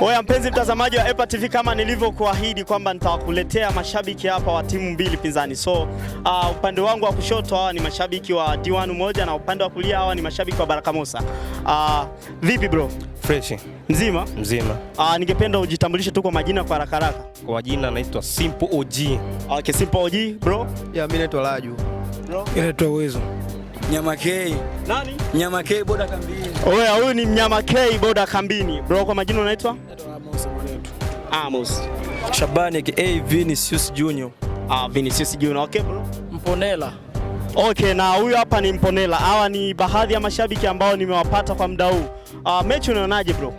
Oya mpenzi mtazamaji wa EPA TV, kama nilivyokuahidi kwamba nitawakuletea mashabiki hapa wa timu mbili pinzani. So uh, upande wangu wa kushoto hawa ni mashabiki wa D1 moja na upande wa kulia hawa ni mashabiki wa Baraka Mosa. Uh, vipi bro? Fresh. Mzima? Mzima. Uh, ningependa ujitambulishe tu kwa majina kwa haraka haraka. Kwa jina naitwa Simple OG. Okay, Simple OG bro. Yeah, mimi naitwa Laju. Bro. Naitwa Uwezo. Nyama K. Nani? Nyama K boda kambini. Oya, huyu ni Nyama K boda kambini. Bro, kwa majina unaitwa? Amos mwanetu. Amos. Shabani aka Vinicius Junior. Ah, Vinicius Junior. Okay bro. Mponela. Okay, na huyu hapa ni Mponela. Hawa ni baadhi ya mashabiki ambao nimewapata kwa muda huu. Uh, mechi unaonaje bro?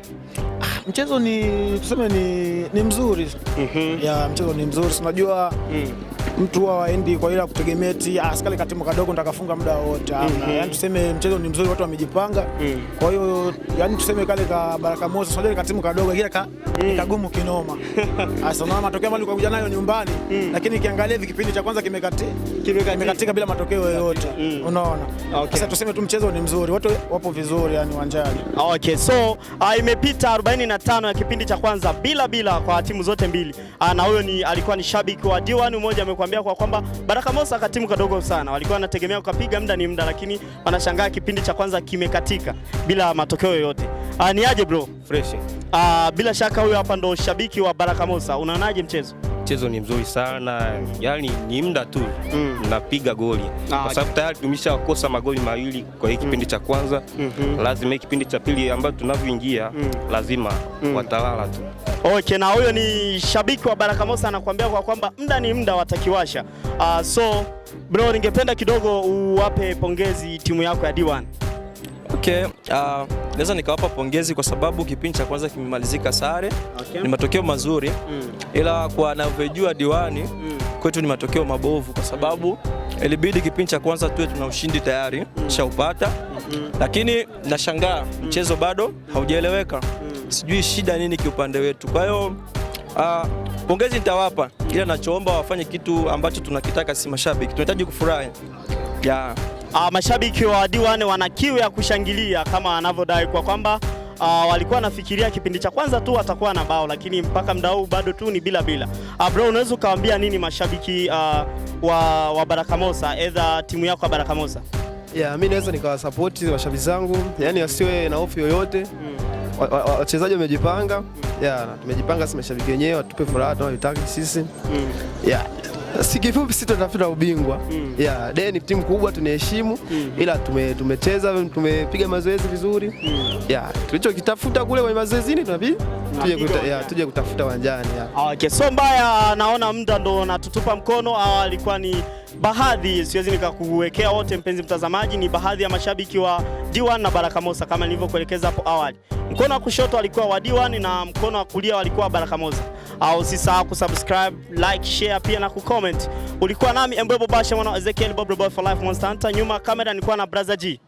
Ah, mchezo ni tuseme ni, ni mzuri. mm -hmm. Ya mchezo ni mzuri. Unajua mm mtu huwa waendi kwa ile kutegemea eti ah, askari katimu kadogo nitakafunga muda wote. mm -hmm. Yani tuseme mchezo ni mzuri, watu wamejipanga. mm. Kwa hiyo yani tuseme kale ka Baraka Mosa sio katimu kadogo kile ka mm. kagumu kinoma. Sasa na matokeo ambayo ulikuja nayo nyumbani mm. lakini kiangalia hivi kipindi cha kwanza kimekati kimekatika bila matokeo yoyote. mm. Unaona, okay. Sasa tuseme tu mchezo ni mzuri, watu wapo vizuri yani uwanjani. Okay, so uh, imepita 45 ya kipindi cha kwanza bila bila kwa timu zote mbili uh, na huyo ni alikuwa ni shabiki wa D1 mmoja amekuwa nakwambia kwa kwamba Baraka Mosa katimu kadogo sana, walikuwa wanategemea ukapiga muda ni muda, lakini wanashangaa kipindi cha kwanza kimekatika bila matokeo yoyote. Ah, ni aje bro fresh. Aa, ah, bila shaka huyo hapa ndo shabiki wa Baraka Mosa, unaonaje mchezo? mchezo ni mzuri sana, yani ni muda tu mm. napiga goli ah, kwa sababu tayari tumeshakosa magoli mawili kwa hii kipindi mm. cha kwanza mm -hmm. lazima hii kipindi cha pili ambayo tunavyoingia mm. lazima mm. watalala tu. Okay, na huyo ni shabiki wa Baraka Mosa anakuambia kwa kwamba muda ni muda watakiwasha. Uh, ah, so bro, ningependa kidogo uwape pongezi timu yako ya D1. Okay. Uh, naweza nikawapa pongezi kwa sababu kipindi cha kwanza kimemalizika sare. Okay. Ni matokeo mazuri mm. Ila kwa anavyojua diwani mm. Kwetu ni matokeo mabovu kwa sababu ilibidi kipindi cha kwanza tuwe tuna ushindi tayari mm. shaupata mm. Mm-hmm. Lakini nashangaa mm. mchezo bado haujaeleweka mm. Sijui shida nini kiupande wetu, kwa hiyo uh, pongezi nitawapa, ila nachoomba wafanye kitu ambacho tunakitaka, si mashabiki tunahitaji kufurahi yeah uh, mashabiki wa D1 wana kiu ya kushangilia kama anavyodai kwa kwamba Uh, walikuwa nafikiria kipindi cha kwanza tu watakuwa na bao lakini mpaka muda huu bado tu ni bila bila. Uh, bro, unaweza ukawaambia nini mashabiki uh, wa, wa Barakamosa edha timu yako ya Barakamosa? Yeah, mi naweza nikawasupport mashabiki zangu, yani wasiwe na hofu yoyote mm. Wachezaji wa, wa, wamejipanga mm. Yeah, tumejipanga sisi mashabiki wenyewe watupe furaha tunayotaka sisi mm. Yeah si kifupi, sisi tunatafuta ubingwa mm. Yeah, de ni timu kubwa tunaheshimu mm. Ila tume, tumecheza tumepiga mazoezi vizuri mm. Yeah, tulichokitafuta kule kwenye mazoezini tunabidi tuje kuta, yeah, tuje kutafuta uwanjani yeah. Okay, so mbaya naona muda ndo natutupa mkono au ah, alikuwa ni baadhi, siwezi nikakuwekea wote, mpenzi mtazamaji, ni baadhi ya mashabiki wa D1 na Baraka Mosa kama nilivyokuelekeza hapo awali. Mkono wa kushoto alikuwa wa D1 na mkono wa kulia walikuwa Baraka Mosa au usisahau kusubscribe, like, share pia na kucomment. Ulikuwa nami Embwebo Basha mwana wa Ezekiel Bob Boy for Life Monster Hunter, nyuma kamera nilikuwa na brother G.